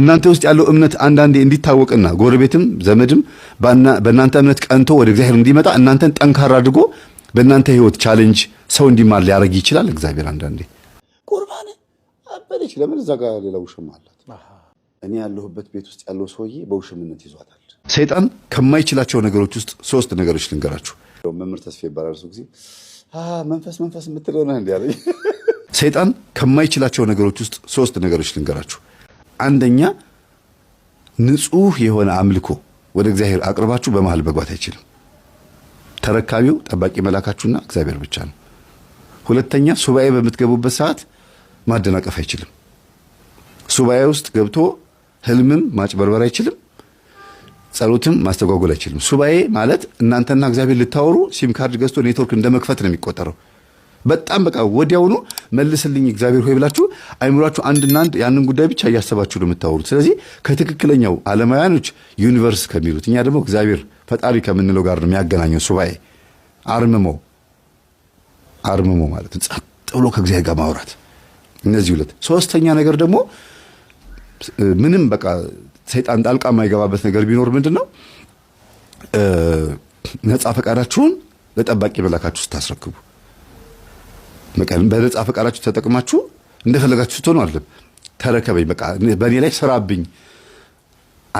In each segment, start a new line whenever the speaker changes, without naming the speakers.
እናንተ ውስጥ ያለው እምነት አንዳንዴ እንዲታወቅና ጎረቤትም ዘመድም በእናንተ እምነት ቀንቶ ወደ እግዚአብሔር እንዲመጣ እናንተን ጠንካራ አድርጎ በእናንተ ህይወት ቻሌንጅ ሰው እንዲማር ሊያደርግ ይችላል። እግዚአብሔር አንዳንዴ
ቁርባን አበለች። ለምን እዛ ጋር ሌላ ውሽም አላት? እኔ ያለሁበት ቤት ውስጥ ያለው ሰውዬ በውሽምነት ይዟታል።
ሰይጣን ከማይችላቸው ነገሮች ውስጥ ሶስት ነገሮች ልንገራችሁ።
መምህር ተስፋ ይባላል። እሱ ጊዜ መንፈስ መንፈስ የምትለው ነህ እንዲ ያለኝ።
ሰይጣን ከማይችላቸው ነገሮች ውስጥ ሶስት ነገሮች ልንገራችሁ አንደኛ ንጹህ የሆነ አምልኮ ወደ እግዚአብሔር አቅርባችሁ በመሃል መግባት አይችልም። ተረካቢው ጠባቂ መላካችሁና እግዚአብሔር ብቻ ነው። ሁለተኛ ሱባኤ በምትገቡበት ሰዓት ማደናቀፍ አይችልም። ሱባኤ ውስጥ ገብቶ ህልምም ማጭበርበር አይችልም። ጸሎትም ማስተጓጎል አይችልም። ሱባኤ ማለት እናንተና እግዚአብሔር ልታወሩ ሲም ካርድ ገዝቶ ኔትወርክ እንደ መክፈት ነው የሚቆጠረው። በጣም በቃ ወዲያውኑ መልስልኝ እግዚአብሔር ሆይ ብላችሁ አይምሯችሁ አንድና አንድ ያንን ጉዳይ ብቻ እያሰባችሁ ነው የምታወሩት። ስለዚህ ከትክክለኛው አለማውያኖች ዩኒቨርስ ከሚሉት እኛ ደግሞ እግዚአብሔር ፈጣሪ ከምንለው ጋር ነው የሚያገናኘው። ሱባኤ አርምሞ አርምሞ ማለት ጸጥ ብሎ ከእግዚአብሔር ጋር ማውራት እነዚህ ሁለት። ሶስተኛ ነገር ደግሞ ምንም በቃ ሰይጣን ጣልቃ የማይገባበት ነገር ቢኖር ምንድን ነው ነፃ ፈቃዳችሁን ለጠባቂ መላካችሁ ስታስረክቡ በነፃ ፈቃዳችሁ ተጠቅማችሁ እንደፈለጋችሁ ትሆኑ አለም ተረከበኝ፣ በቃ በእኔ ላይ ስራብኝ፣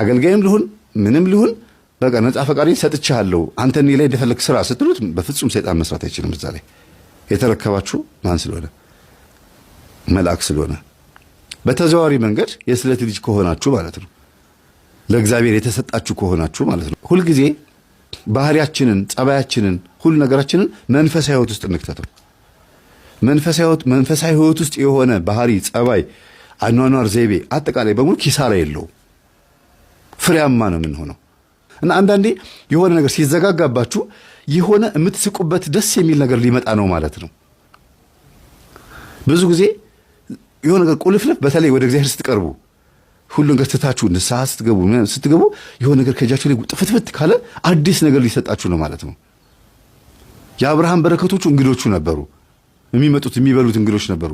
አገልጋይም ልሁን ምንም ልሁን፣ በቃ ነፃ ፈቃዴን ሰጥቻለሁ አንተ እኔ ላይ እንደፈለግ ስራ ስትሉት በፍጹም ሰይጣን መስራት አይችልም። እዛ ላይ የተረከባችሁ ማን ስለሆነ? መልአክ ስለሆነ። በተዘዋዋሪ መንገድ የስለት ልጅ ከሆናችሁ ማለት ነው፣ ለእግዚአብሔር የተሰጣችሁ ከሆናችሁ ማለት ነው። ሁልጊዜ ባህሪያችንን፣ ጸባያችንን፣ ሁሉ ነገራችንን መንፈሳዊ ህይወት ውስጥ እንክተተው። መንፈሳዊ ህይወት ውስጥ የሆነ ባህሪ፣ ጸባይ፣ አኗኗር ዘይቤ አጠቃላይ በሙሉ ኪሳራ የለው ፍሬያማ ነው የምንሆነው እና አንዳንዴ የሆነ ነገር ሲዘጋጋባችሁ የሆነ የምትስቁበት ደስ የሚል ነገር ሊመጣ ነው ማለት ነው። ብዙ ጊዜ የሆነ ነገር ቁልፍልፍ፣ በተለይ ወደ እግዚአብሔር ስትቀርቡ ሁሉ ነገር ትታችሁ ንስሐ ስትገቡ ስትገቡ የሆነ ነገር ከእጃችሁ ላይ ጥፍትፍት ካለ አዲስ ነገር ሊሰጣችሁ ነው ማለት ነው። የአብርሃም በረከቶቹ እንግዶቹ ነበሩ። የሚመጡት የሚበሉት እንግዶች ነበሩ።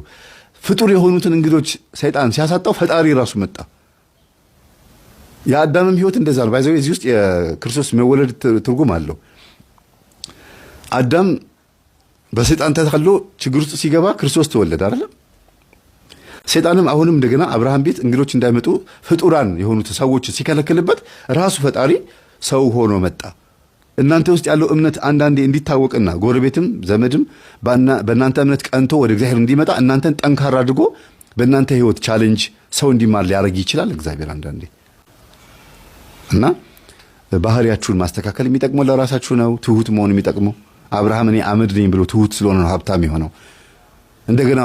ፍጡር የሆኑትን እንግዶች ሰይጣን ሲያሳጣው ፈጣሪ ራሱ መጣ። የአዳምም ህይወት እንደዛ ነው። ባይዘ እዚህ ውስጥ የክርስቶስ መወለድ ትርጉም አለው። አዳም በሰይጣን ተታሎ ችግር ውስጥ ሲገባ ክርስቶስ ተወለደ አይደለም። ሰይጣንም አሁንም እንደገና አብርሃም ቤት እንግዶች እንዳይመጡ ፍጡራን የሆኑት ሰዎች ሲከለክልበት ራሱ ፈጣሪ ሰው ሆኖ መጣ። እናንተ ውስጥ ያለው እምነት አንዳንዴ እንዲታወቅና ጎረቤትም ዘመድም በእናንተ እምነት ቀንቶ ወደ እግዚአብሔር እንዲመጣ እናንተን ጠንካራ አድርጎ በእናንተ ህይወት ቻሌንጅ ሰው እንዲማር ሊያደርግ ይችላል እግዚአብሔር አንዳንዴ እና ባህሪያችሁን ማስተካከል የሚጠቅመው ለራሳችሁ ነው። ትሁት መሆን የሚጠቅመው አብርሃም እኔ አመድ ነኝ ብሎ ትሁት ስለሆነ ነው ሀብታም የሆነው። እንደገና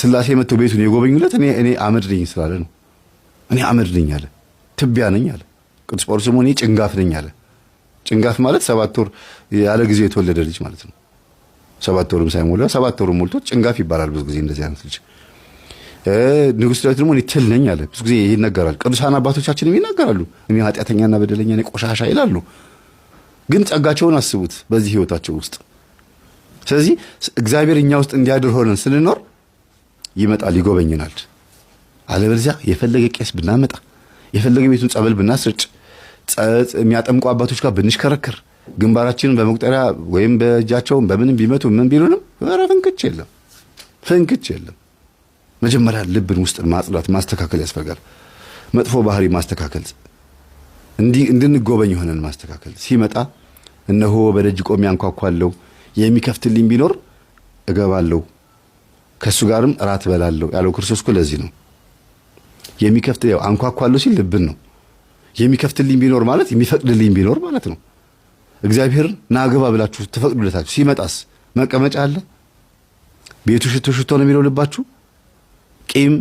ስላሴ መጥተው ቤቱን የጎበኙለት እኔ አመድ ነኝ ስላለ ነው። እኔ አመድ ነኝ አለ፣ ትቢያ ነኝ አለ። ቅዱስ ጳውሎስ ደግሞ እኔ ጭንጋፍ ነኝ አለ። ጭንጋፍ ማለት ሰባት ወር ያለ ጊዜ የተወለደ ልጅ ማለት ነው። ሰባት ወርም ሳይሞላ ሰባት ወርም ሞልቶ ጭንጋፍ ይባላል ብዙ ጊዜ እንደዚህ አይነት ልጅ። ንጉሥ ዳዊት ደግሞ እኔ ትል ነኝ አለ። ብዙ ጊዜ ይነገራል፣ ቅዱሳን አባቶቻችንም ይናገራሉ። እኔ ኃጢአተኛና በደለኛ እኔ ቆሻሻ ይላሉ። ግን ጸጋቸውን አስቡት በዚህ ህይወታቸው ውስጥ። ስለዚህ እግዚአብሔር እኛ ውስጥ እንዲያድር ሆነን ስንኖር ይመጣል፣ ይጎበኝናል። አለበለዚያ የፈለገ ቄስ ብናመጣ የፈለገ ቤቱን ጸበል ብናስርጭ ጸጥ የሚያጠምቁ አባቶች ጋር ብንሽከረክር ግንባራችንን በመቁጠሪያ ወይም በእጃቸውን በምንም ቢመቱ ምን ቢሉንም ኧረ ፍንክች የለም ፍንክች የለም። መጀመሪያ ልብን ውስጥ ማጽዳት ማስተካከል ያስፈልጋል። መጥፎ ባህሪ ማስተካከል እንዲህ እንድንጎበኝ የሆነን ማስተካከል ሲመጣ እነሆ በደጅ ቆም አንኳኳለሁ፣ የሚከፍትልኝ ቢኖር እገባለሁ፣ ከእሱ ጋርም እራት እበላለሁ ያለው ክርስቶስ እኮ ለዚህ ነው። የሚከፍት ያው አንኳኳለሁ ሲል ልብን ነው የሚከፍትልኝ ቢኖር ማለት የሚፈቅድልኝ ቢኖር ማለት ነው። እግዚአብሔር ናገባ ብላችሁ ትፈቅዱለታችሁ። ሲመጣስ መቀመጫ አለ። ቤቱ ሽቶ ሽቶ ነው የሚለው ልባችሁ። ቂም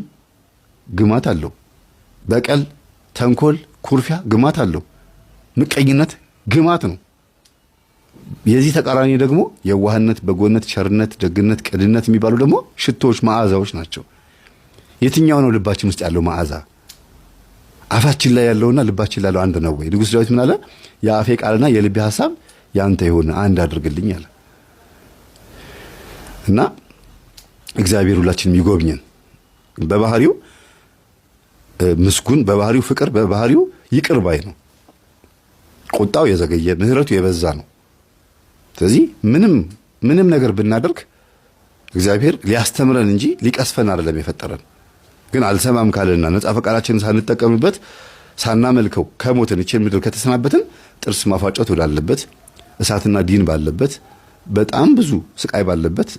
ግማት አለው። በቀል፣ ተንኮል፣ ኩርፊያ ግማት አለው። ምቀኝነት ግማት ነው። የዚህ ተቃራኒ ደግሞ የዋህነት፣ በጎነት፣ ቸርነት፣ ደግነት፣ ቅድነት የሚባሉ ደግሞ ሽቶዎች፣ መዓዛዎች ናቸው። የትኛው ነው ልባችን ውስጥ ያለው መዓዛ? አፋችን ላይ ያለውና ልባችን ላይ ያለው አንድ ነው ወይ? ንጉሥ ዳዊት ምን አለ? የአፌ ቃልና የልቤ ሐሳብ ያንተ ይሁን አንድ አድርግልኝ አለ እና እግዚአብሔር ሁላችንም ይጎብኘን። በባህሪው ምስጉን፣ በባህሪው ፍቅር፣ በባህሪው ይቅር ባይ ነው። ቁጣው የዘገየ ምሕረቱ የበዛ ነው። ስለዚህ ምንም ምንም ነገር ብናደርግ እግዚአብሔር ሊያስተምረን እንጂ ሊቀስፈን አይደለም የፈጠረን። ግን አልሰማም ካለና ነጻ ፈቃዳችንን ሳንጠቀምበት ሳናመልከው ከሞትን እቼ ምድር ከተሰናበትን ጥርስ ማፋጨት ወዳለበት እሳትና ዲን ባለበት በጣም ብዙ ስቃይ ባለበት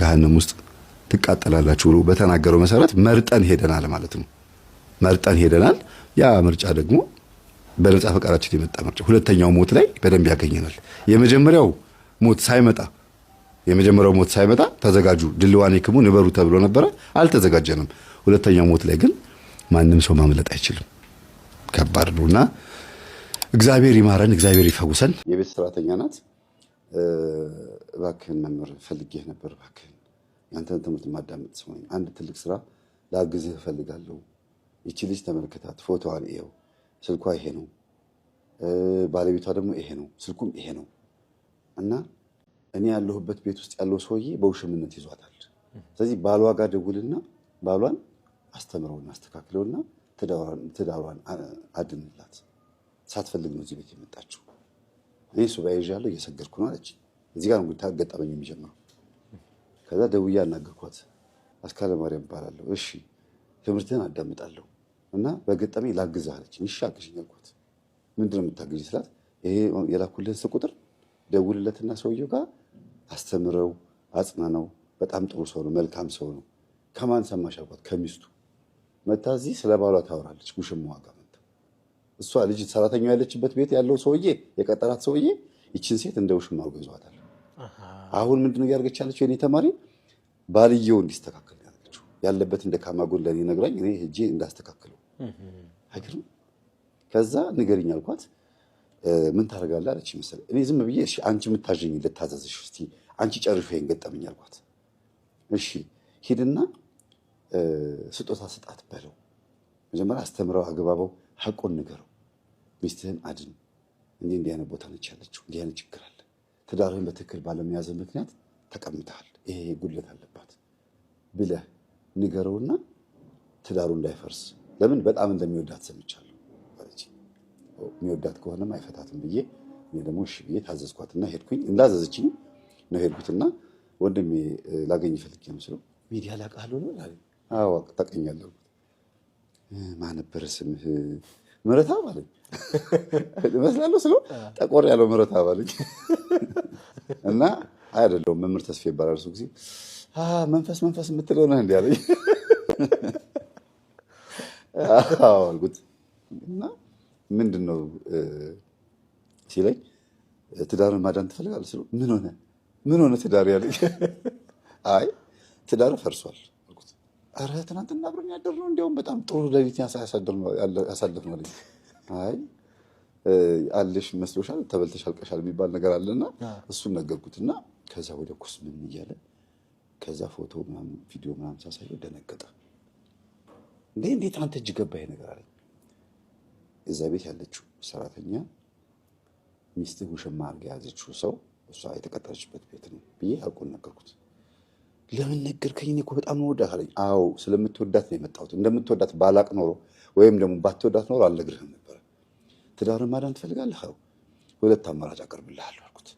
ገሃነም ውስጥ ትቃጠላላችሁ ብሎ በተናገረው መሰረት መርጠን ሄደናል ማለት ነው። መርጠን ሄደናል። ያ ምርጫ ደግሞ በነጻ ፈቃዳችን የመጣ ምርጫ፣ ሁለተኛው ሞት ላይ በደንብ ያገኘናል። የመጀመሪያው ሞት ሳይመጣ የመጀመሪያው ሞት ሳይመጣ ተዘጋጁ፣ ድልዋን ክሙ ንበሩ ተብሎ ነበረ። አልተዘጋጀንም። ሁለተኛው ሞት ላይ ግን ማንም ሰው ማምለጥ አይችልም። ከባድ ነው እና እግዚአብሔር ይማረን፣ እግዚአብሔር ይፈውሰን።
የቤት ሰራተኛ ናት። እባክህን መምህር ፈልጌህ ነበር፣ እባክህን ያንተን ትምህርት ማዳመጥ ሰው አንድ ትልቅ ስራ ላግዝህ እፈልጋለሁ። ይቺ ልጅ ተመልከታት፣ ፎቶዋን ይኸው፣ ስልኳ ይሄ ነው፣ ባለቤቷ ደግሞ ይሄ ነው፣ ስልኩም ይሄ ነው እና እኔ ያለሁበት ቤት ውስጥ ያለው ሰውዬ በውሽምነት ይዟታል። ስለዚህ ባሏ ጋር ደውልና ባሏን አስተምረውና አስተካክለውና ትዳሯን አድንላት። ሳትፈልግ ነው እዚህ ቤት የመጣችው። እኔ ሱባኤ ይዣለሁ እየሰገድኩ ነው አለች። እዚህ ጋር እንግዲህ የሚጀምረው። ከዛ ደውዬ አናገርኳት። አስካለ ማርያም እባላለሁ። እሺ ትምህርትህን አዳምጣለሁ እና በገጠመኝ ላግዝህ አለች። እሺ አግዥኝ አልኳት። ምንድን ነው የምታግዥ ስላት ይሄ የላኩልህን ስልክ ቁጥር ደውልለትና ሰውየው ጋር አስተምረው አጽናነው። በጣም ጥሩ ሰው ነው፣ መልካም ሰው ነው። ከማን ሰማሽ አልኳት። ከሚስቱ መታ እዚህ ስለ ባሏ ታወራለች። ውሽማዋ ጋር መታ እሷ ልጅ ሰራተኛ ያለችበት ቤት ያለው ሰውዬ የቀጠራት ሰውዬ ይችን ሴት እንደ ውሽማ አድርጎ ይዟታል። አሁን ምንድነው ያለችው የኔ ተማሪ ባልየው እንዲስተካከል ያለችው ያለበትን ደካማ ጎን ለእኔ ነግራኝ እኔ ሄጄ እንዳስተካክለው አይገርም። ከዛ ንገርኝ አልኳት። ምን ታደርጋለህ አለች መሰለኝ። እኔ ዝም ብዬ አንቺ የምታዥኝ ልታዘዝሽ እስኪ አንቺ ጨርሽ ይሄን ገጠመኝ አልኳት። እሺ ሂድና ስጦታ ስጣት በለው። መጀመሪያ አስተምረው፣ አግባበው፣ ሀቁን ንገረው። ሚስትህን አድን። እንዲህ እንዲህ አይነት ቦታ ነች ያለችው፣ እንዲህ አይነት ችግር አለ። ትዳርህን በትክክል ባለመያዝ ምክንያት ተቀምጠሃል። ይሄ ጉድለት አለባት ብለህ ንገረውና ትዳሩ እንዳይፈርስ ለምን በጣም እንደሚወዳት ሰምቻለሁ። የሚወዳት ከሆነም አይፈታትም ብዬ እኔ ደግሞ እሺ ብዬ ታዘዝኳትና ሄድኩኝ እንዳዘዘችኝ ነው የሄድኩትና ወንድሜ ላገኝ ፈልጌ ነው ስለው ሚዲያ ላቃሉ ነው ታቀኛለሁ ማን ነበረ ስምህ? ምረታ ባለኝ እመስላለሁ ስለው ጠቆር ያለው ምረታ ባለኝ እና አይደለሁም መምህር ተስፌ ይባላል። እሱ ጊዜ መንፈስ መንፈስ የምትለው ነህ እንዲህ አለኝ። አልኩት እና ምንድን ነው ሲለኝ ትዳርን ማዳን ትፈልጋለህ ስለው ምን ሆነ ምን ሆነ ትዳር ያለኝ? አይ ትዳር ፈርሷል። ኧረ ትናንትና አብረን ነው እንዲያውም በጣም ጥሩ ለሊት ያሳልፍ ነው። አይ አለሽ መስሎሻል፣ ተበልተሽ አልቀሻል የሚባል ነገር አለና እሱን ነገርኩት እና ከዛ ወደ ኩስ ምን እያለ ከዛ ፎቶ ምናምን ቪዲዮ ምናምን ሳሳየው ደነገጠ። እንዴ እንዴት አንተ እጅ ገባ ይሄ ነገር አለ። እዛ ቤት ያለችው ሰራተኛ ሚስትህ ውሽማ አድርጋ የያዘችው ሰው እሷ የተቀጠረችበት ቤት ነው ብዬ ያውቁን ነገርኩት። ለምን ነገርከኝ? እኔ እኮ በጣም ነው ወዳት አለኝ። አዎ ስለምትወዳት ነው የመጣሁት። እንደምትወዳት ባላቅ ኖሮ ወይም ደግሞ ባትወዳት ኖሮ አልነግርህም ነበረ። ትዳርን ማዳን ትፈልጋለህ? ሁለት አማራጭ አቀርብልሃለሁ አልኩት።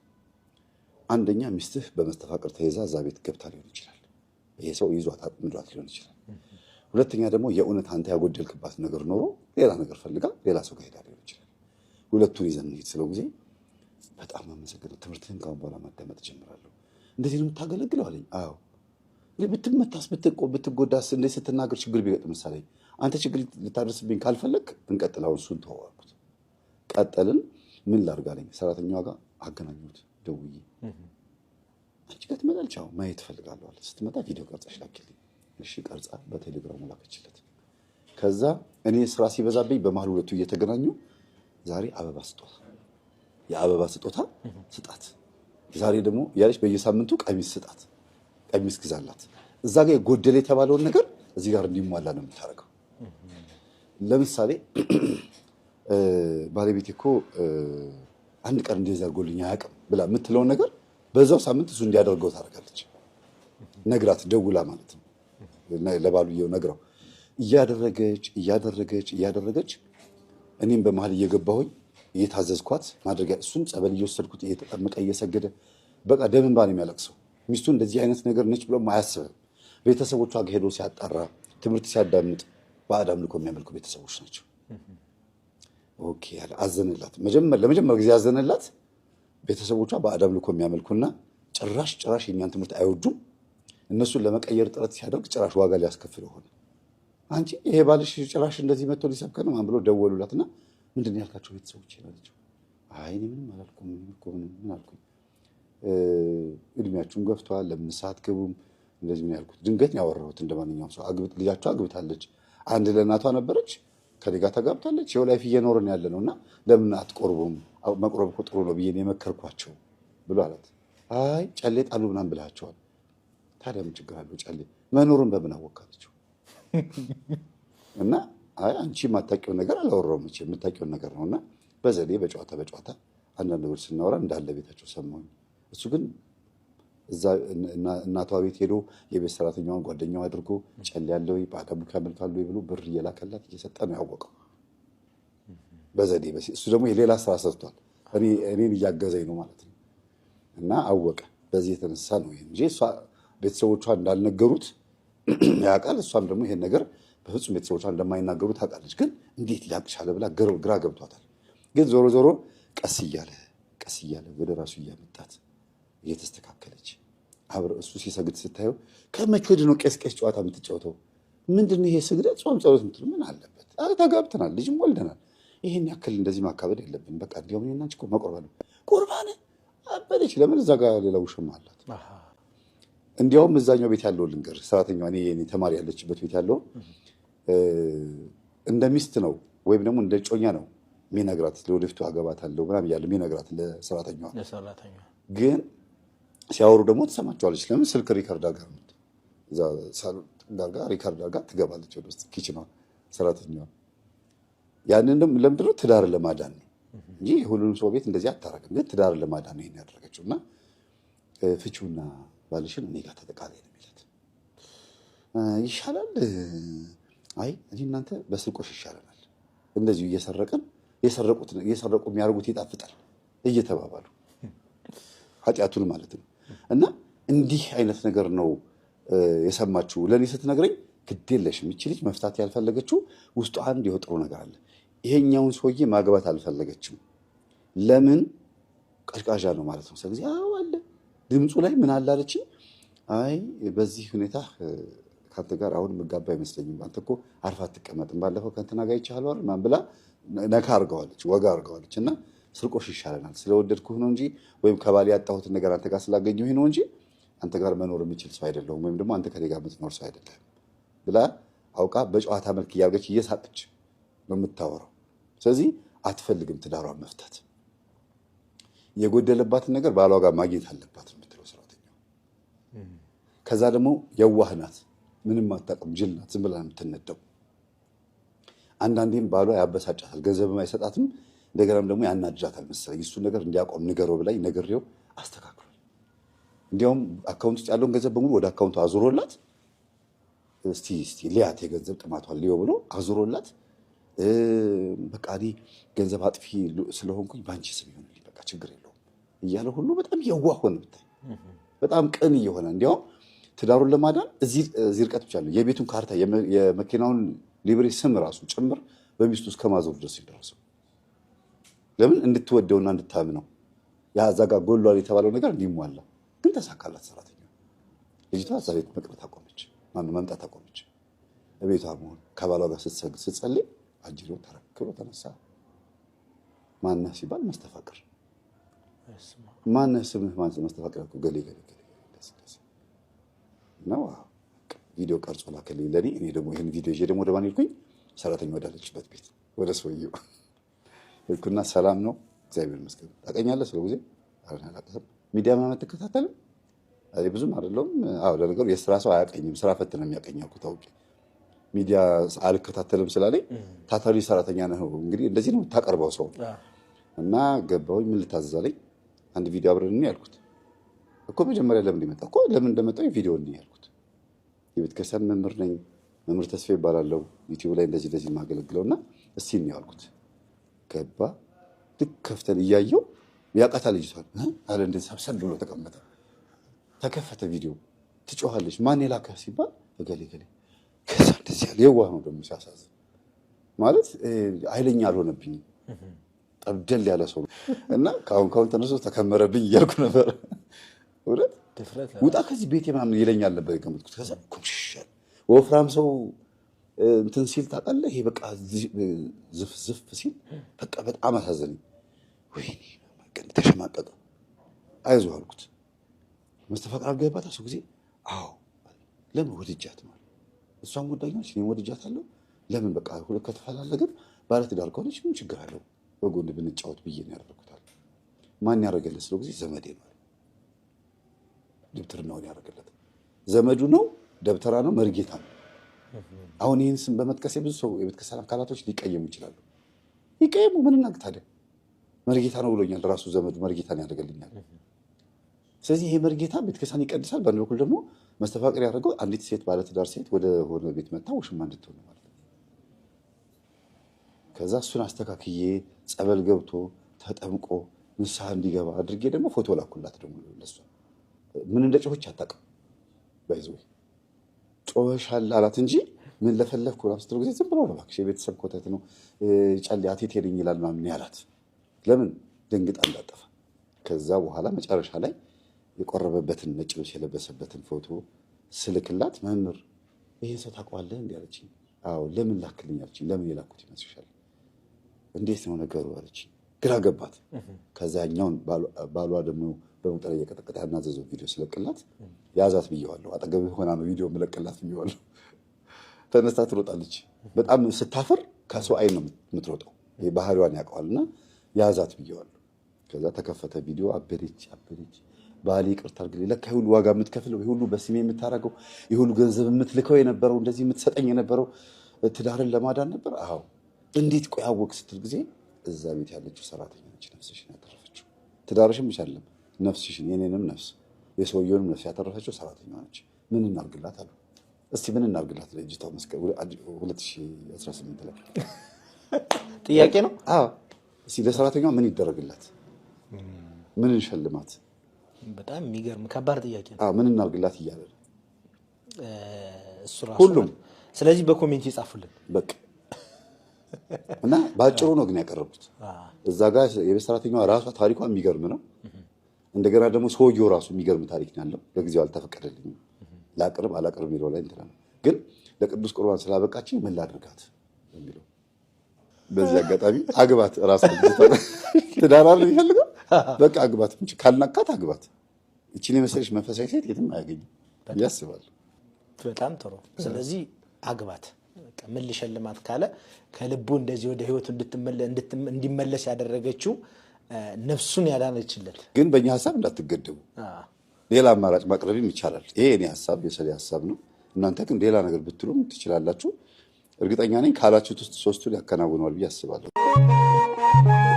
አንደኛ ሚስትህ በመስተፋቅር ተይዛ እዛ ቤት ገብታ ሊሆን ይችላል። ይሄ ሰው ይዟት አጥምዷት ሊሆን ይችላል። ሁለተኛ ደግሞ የእውነት አንተ ያጎደልክባት ነገር ኖሮ ሌላ ነገር ፈልጋ ሌላ ሰው ጋር ሄዳ ሊሆን ይችላል። ሁለቱን ይዘን እንሂድ ስለው ጊዜ በጣም አመሰግነው። ትምህርትህን ካሁን በኋላ ማዳመጥ እጀምራለሁ። እንደዚህ ነው የምታገለግለው አለኝ። አዎ ብትመታስ ብትጎዳስ እንደ ስትናገር ችግር ቢገጥ ምሳሌ አንተ ችግር ልታደርስብኝ ካልፈለግ እንቀጥል፣ አሁን እሱን ተወው ቀጠልን። ምን ላድርግ አለኝ። ሰራተኛዋ ጋር አገናኙት ደውዬ አንቺ ጋር ትመጣለች፣ አዎ ማየት እፈልጋለሁ አለ። ስትመጣ ቪዲዮ ቀርጻሽ ላኪልኝ። እሺ ቀርጻ በቴሌግራሙ ላከችለት። ከዛ እኔ ስራ ሲበዛብኝ በመሀል ሁለቱ እየተገናኙ ዛሬ አበባ ስጦታ የአበባ ስጦታ ስጣት። ዛሬ ደግሞ ያለች በየሳምንቱ ቀሚስ ስጣት፣ ቀሚስ ግዛላት። እዛ ጋር የጎደለ የተባለውን ነገር እዚህ ጋር እንዲሟላ ነው የምታደርገው። ለምሳሌ ባለቤት እኮ አንድ ቀን እንደዚህ አድርጎልኝ አያውቅም ብላ የምትለውን ነገር በዛው ሳምንት እሱ እንዲያደርገው ታደርጋለች። ነግራት ደውላ ማለት ነው ለባሉየው ነግረው እያደረገች እያደረገች እያደረገች እኔም በመሀል እየገባሁኝ እየታዘዝኳት ማድረጊያ እሱን ጸበል እየወሰድኩት እየተጠመቀ እየሰገደ በቃ ደም እንባ ነው የሚያለቅሰው። ሚስቱ እንደዚህ አይነት ነገር ነች ብሎ አያስብም። ቤተሰቦቿ ጋር ሄዶ ሲያጣራ ትምህርት ሲያዳምጥ ባዕድ አምልኮ የሚያመልኩ ቤተሰቦች ናቸው። ኦኬ ያለ አዘንላት። ለመጀመሪያ ጊዜ አዘንላት። ቤተሰቦቿ ባዕድ አምልኮ የሚያመልኩና ጭራሽ ጭራሽ የእኛን ትምህርት አይወዱም። እነሱን ለመቀየር ጥረት ሲያደርግ ጭራሽ ዋጋ ሊያስከፍል ሆነ። አንቺ ይሄ ባልሽ ጭራሽ እንደዚህ መጥቶ ሊሰብከ ነው ብሎ ደወሉላትና ምንድን ነው ያልካቸው ቤተሰቦች ናቸው? አይ እኔ ምንም አላልኩም። ምን አልኩኝ? እድሜያችሁም ገፍተዋል፣ ለምን ሳትገቡም እንደዚህ ምን ያልኩት። ድንገት ያወራሁት እንደ ማንኛውም ሰው ልጃቸው አግብታለች። አንድ ለእናቷ ነበረች፣ ከኔ ጋር ተጋብታለች። ይኸው ላይፍ እየኖርን ያለ ነው እና ለምን አትቆርቡም? መቁረብ እኮ ጥሩ ነው ብዬ የመከርኳቸው ብሎ አላት። አይ ጨሌ ጣሉ ምናምን ብልሃቸዋል። ታዲያ ምን ችግር አለው? ጨሌ መኖሩን በምን አወቃለችው እና አይ አንቺ የማታውቂው ነገር አላወራሁም፣ የምታውቂውን ነገር ነው። እና በዘዴ በጨዋታ በጨዋታ አንዳንድ ነገር ስናወራ እንዳለ ቤታቸው ሰማሁኝ። እሱ ግን እዛ እናቷ ቤት ሄዶ የቤት ሰራተኛዋን ጓደኛው አድርጎ ጨል ያለው በአካቡካ መልክ አለ ብሎ ብር እየላከላት እየሰጠ ነው ያወቀው። በዘዴ እሱ ደግሞ የሌላ ስራ ሰርቷል፣ እኔን እያገዘኝ ነው ማለት ነው። እና አወቀ። በዚህ የተነሳ ነው እንጂ ቤተሰቦቿ እንዳልነገሩት ያውቃል። እሷም ደግሞ ይሄን ነገር በፍጹም ቤተሰቦቿ እንደማይናገሩ ታውቃለች። ግን እንዴት ሊያቅሻለ ብላ ግራ ገብቷታል። ግን ዞሮ ዞሮ ቀስ እያለ ቀስ እያለ ወደ ራሱ እያመጣት እየተስተካከለች አብረ እሱ ሲሰግድ ስታየው ከመቼ ወዲህ ነው ቄስ ቄስ ጨዋታ የምትጫወተው? ምንድን ነው ይሄ ስግደት፣ ጾም፣ ጸሎት ምትሉ ምን አለበት? ተጋብተናል፣ ልጅም ወልደናል። ይህን ያክል እንደዚህ ማካበድ የለብን። በቃ እንዲሁም ናች መቆርባን ቁርባን አበደች። ለምን እዛ ጋር ሌላ ውሽም አላት። እንዲያውም እዛኛው ቤት ያለው ልንገር ሰራተኛ ተማሪ ያለችበት ቤት ያለው እንደ ሚስት ነው ወይም ደግሞ እንደ ጮኛ ነው ሚነግራት ለወደፊቱ አገባታለሁ ምናምን እያለ የሚነግራት ለሰራተኛዋ። ግን ሲያወሩ ደግሞ ትሰማቸዋለች። ለምን ስልክ ሪከርድ አጋር ነው እዛ ሳሎን ሪከርድ አድርጋ ትገባለች ወደ ውስጥ ኪችኗ ሰራተኛ ያንን ደግሞ ለምንድን ትዳር ለማዳን ነው እንጂ ሁሉንም ሰው ቤት እንደዚህ አታረግም። ግን ትዳር ለማዳን ነው ይሄን ያደረገችው እና ፍቺውና ባልሽን እኔ ጋር ተጠቃላይ ነው የሚላት ይሻላል አይ እኔ እናንተ በስርቆሽ ይሻለናል፣ እንደዚሁ እየሰረቅን እየሰረቁ የሚያደርጉት ይጣፍጣል እየተባባሉ ኃጢአቱን ማለት ነው። እና እንዲህ አይነት ነገር ነው የሰማችሁ ለእኔ ስትነግረኝ፣ ግዴለሽ ይቺ ልጅ መፍታት ያልፈለገችው ውስጡ አንድ የወጥሩ ነገር አለ። ይሄኛውን ሰውዬ ማግባት አልፈለገችም። ለምን ቀዥቃዣ ነው ማለት ነው። ስለዚህ አዎ አለ ድምፁ ላይ ምን አላለችም። አይ በዚህ ሁኔታ ከአንተ ጋር አሁን የምጋባ አይመስለኝም። አንተ እኮ አርፋ አትቀመጥም። ባለፈው ከእንትና ጋር ይቻለሁ ምናምን ብላ ነካ አድርገዋለች፣ ወጋ አድርገዋለች። እና ስርቆሽ ይሻለናል ስለወደድኩህ ነው እንጂ ወይም ከባል ያጣሁትን ነገር አንተ ጋር ስላገኘ ነው እንጂ አንተ ጋር መኖር የሚችል ሰው አይደለሁም፣ ወይም ደግሞ አንተ ከእኔ ጋር የምትኖር ሰው አይደለም። ብላ አውቃ በጨዋታ መልክ እያደረገች እየሳቀች ነው የምታወራው። ስለዚህ አትፈልግም ትዳሯን መፍታት። የጎደለባትን ነገር ባሏ ጋር ማግኘት አለባት የምትለው ሰራተኛው። ከዛ ደግሞ የዋህ ናት። ምንም አታውቅም፣ ጅል ናት፣ ዝም ብላ ነው የምትነደው። አንዳንዴም ባሏ ያበሳጫታል፣ ገንዘብም አይሰጣትም፣ እንደገናም ደግሞ ያናድዳታል መሰለኝ። እሱን ነገር እንዲያቆም ንገረው ብላኝ ነግሬው አስተካክሏል። እንዲያውም አካውንት ውስጥ ያለውን ገንዘብ በሙሉ ወደ አካውንቱ አዙሮላት እስቲ እስቲ ሊያት የገንዘብ ጥማቷን ሊዮ ብሎ አዙሮላት በቃ እኔ ገንዘብ አጥፊ ስለሆንኩኝ በአንቺ ስም ይሆንልኝ በቃ ችግር የለውም እያለ ሁሉ በጣም የዋህ ሆነ ብታይ፣ በጣም ቅን እየሆነ እንዲያውም ትዳሩን ለማዳን እዚህ ርቀት ብቻ ነው። የቤቱን ካርታ የመኪናውን ሊብሬ ስም ራሱ ጭምር በሚስቱ ውስጥ ከማዞር ድረስ ይደረሰው። ለምን እንድትወደውና እንድታምነው የዛ ጋር ጎሏል የተባለው ነገር እንዲሟላ። ግን ተሳካላት። ሰራተኛ ልጅቷ እዛ ቤት መቅረት አቆመች፣ መምጣት አቆመች። ቤቷ መሆን ከባሏ ጋር ስትሰግድ ስትጸልይ አጅሮ ተረክሎ ተነሳ። ማነ ሲባል መስተፋቅር ማነ ስምህ ማን መስተፋቅር ገሌ ገሌ ገሌ ነው። ቪዲዮ ቀርጾ ላከልኝ ለእኔ። እኔ ደግሞ ይህን ቪዲዮ ይዤ ደግሞ ወደ ማን ሄድኩኝ? ሰራተኛ ወዳለችበት ቤት ወደ ሰውየው ሄድኩና ሰላም ነው እግዚአብሔር ይመስገን ታውቀኛለህ፣ ስለ ጊዜ ሚዲያ ምናምን አትከታተልም? ብዙም አይደለሁም። አዎ ለነገሩ የስራ ሰው አያቀኝም፣ ስራ ፈት ነው የሚያቀኝ አልኩት አውቄ ሚዲያ አልከታተልም ስላለኝ ታታሪ ሰራተኛ ነው እንግዲህ እንደዚህ ነው የምታቀርበው ሰው እና ገባሁኝ። ምን ልታዘዛለኝ? አንድ ቪዲዮ አብረን ያልኩት እኮ መጀመሪያ ለምን ይመጣ እኮ ለምን እንደመጣው ቪዲዮ ነው ያልኩት። የቤተክርስቲያን መምህር ነኝ፣ መምህር ተስፋ ይባላለው። ዩቲዩብ ላይ እንደዚህ እንደዚህ የማገለግለው እና እስቲ ነው ያልኩት። ገባ ልክ ከፍተን እያየው ያቃታ ልጅቷል አለ። እንደዚህ ሰብሰብ ብሎ ተቀመጠ። ተከፈተ ቪዲዮ። ትጮኋለች። ማን የላከ ሲባል እገሌ ገሌ። ከዛ እንደዚህ ያለ የዋህ ነው ደግሞ ሲያሳዝን፣ ማለት ኃይለኛ አልሆነብኝም። ጠብደል ያለ ሰው እና ከአሁን ከአሁን ተነስቶ ተከመረብኝ እያልኩ ነበር። እውነት ውጣ ከዚህ ቤቴ ምናምን ይለኛል ነበር የገመትኩት። ከዛ ኩምሽሻል ወፍራም ሰው እንትን ሲል ታውቃለህ፣ ይሄ በቃ ዝፍ ዝፍ ሲል በቃ በጣም አሳዘነኝ። ወይኔ ተሸማቀቀ። አይዞህ አልኩት። መስተፋቅር አልገባት እሱ ጊዜ አዎ፣ ለምን ወድጃት ነው እሷም ወዳኛች እኔም ወድጃታለሁ። ለምን በቃ ሁለት ከተፈላለግን ባለትዳር ከሆነች ምን ችግር አለው በጎን ብንጫወት ብዬ ነው ያደረኩታል። ማን ያደረገልን ስለው ጊዜ ዘመዴ ነው ድብትርናውን ያደረገለት ዘመዱ ነው፣ ደብተራ ነው፣ መርጌታ ነው። አሁን ይህን ስም በመጥቀስ የብዙ ሰው የቤተ አካላቶች ሊቀየሙ ይችላሉ። ይቀየሙ ምንናግ ታዲያ መርጌታ ነው ብሎኛል ራሱ ዘመዱ መርጌታን ያደርገልኛል። ስለዚህ ይሄ መርጌታ ቤተክርስቲያን ይቀድሳል። በአንድ በኩል ደግሞ መስተፋቅር ያደርገው አንዲት ሴት ባለትዳር ሴት ወደ ሆነ ቤት መታ ውሽማ እንድትሆን ማለት ነው። ከዛ እሱን አስተካክዬ ጸበል ገብቶ ተጠምቆ ንስሐ እንዲገባ አድርጌ ደግሞ ፎቶ ላኩላት ደግሞ ለሷ ምን እንደ ጮኸች አታውቅም። ባይዘ ጮኸሻል አላት እንጂ ምን ለፈለግኩ ላ ስትለው ጊዜ ዝም ብሎ ነው እባክሽ፣ የቤተሰብ ኮተት ነው ጨሌ አቴት ሄደኝ ይላል ምናምን ያላት ለምን ደንግጣ እንዳጠፋ። ከዛ በኋላ መጨረሻ ላይ የቆረበበትን ነጭ ልብስ የለበሰበትን ፎቶ ስልክላት መምህር ይህን ሰው ታውቀዋለህ እንዲ አለችኝ። አዎ ለምን ላክልኝ አለችኝ። ለምን የላኩት ይመስልሻል? እንዴት ነው ነገሩ አለችኝ። ግራ ገባት። ከዛኛውን ባሏ ደግሞ በመቁጠር እየቀጠቀጠ ያናዘዘው ቪዲዮ ስለቅላት ያዛት ብየዋለሁ። አጠገብ ሆና ነው ቪዲዮ ምለቅላት ብየዋለሁ። ተነስታ ትሮጣለች። በጣም ስታፈር ከሰው አይን ነው የምትሮጠው። ባህሪዋን ያውቀዋል እና ያዛት ብየዋለሁ። ከዛ ተከፈተ ቪዲዮ። አበደች አበደች፣ ባሌ ይቅርታ አድርግልኝ፣ ለካ የሁሉ ዋጋ የምትከፍለው የሁሉ በስሜ የምታደርገው የሁሉ ገንዘብ የምትልከው የነበረው እንደዚህ የምትሰጠኝ የነበረው ትዳርን ለማዳን ነበር። አዎ እንዴት ቆይ አወቅ ስትል ጊዜ እዛ ቤት ያለችው ሰራተኛ ነች ነፍስሽን ያተረፈችው። ትዳርሽም ብቻ ነፍስሽን የኔንም ነፍስ የሰውየውንም ነፍስ ያተረፈችው ሰራተኛ ነች። ምን እናርግላት አሉ። እስቲ ምን እናርግላት? ለእጅቷ መስቀል 2018 ላይ ጥያቄ ነው። እስቲ ለሰራተኛ ምን ይደረግላት? ምን እንሸልማት? በጣም የሚገርም ከባድ ጥያቄ ነው። ምን እናርግላት እያለ ሁሉም። ስለዚህ በኮሜንት ይጻፉልን በቃ እና በአጭሩ ነው ግን ያቀረቡት እዛ ጋር የቤት ሰራተኛዋ ራሷ ታሪኳ የሚገርም ነው። እንደገና ደግሞ ሰውየው ራሱ የሚገርም ታሪክ ነው ያለው። ለጊዜው አልተፈቀደልኝም ላቅርብ አላቅርብ የሚለው ላይ እንትና ግን ለቅዱስ ቁርባን ስላበቃችን ምን ላድርጋት የሚለው በዚህ አጋጣሚ አግባት ራስ ትዳር የሚፈልገው በቃ አግባት ካልናካት አግባት እችን የመሰለች መንፈሳዊ ሴት የትም አያገኝም ያስባል። በጣም ጥሩ። ስለዚህ አግባት ምን ልሸልማት ካለ ከልቡ እንደዚህ ወደ ህይወት እንዲመለስ ያደረገችው ነፍሱን ያዳነችለት ግን በእኛ ሀሳብ እንዳትገደቡ ሌላ አማራጭ ማቅረብም ይቻላል። ይሄ የኔ ሀሳብ የሰሌ ሀሳብ ነው። እናንተ ግን ሌላ ነገር ብትሉም ትችላላችሁ። እርግጠኛ ነኝ ካላችሁት ውስጥ ሶስቱን ያከናውነዋል ብዬ አስባለሁ።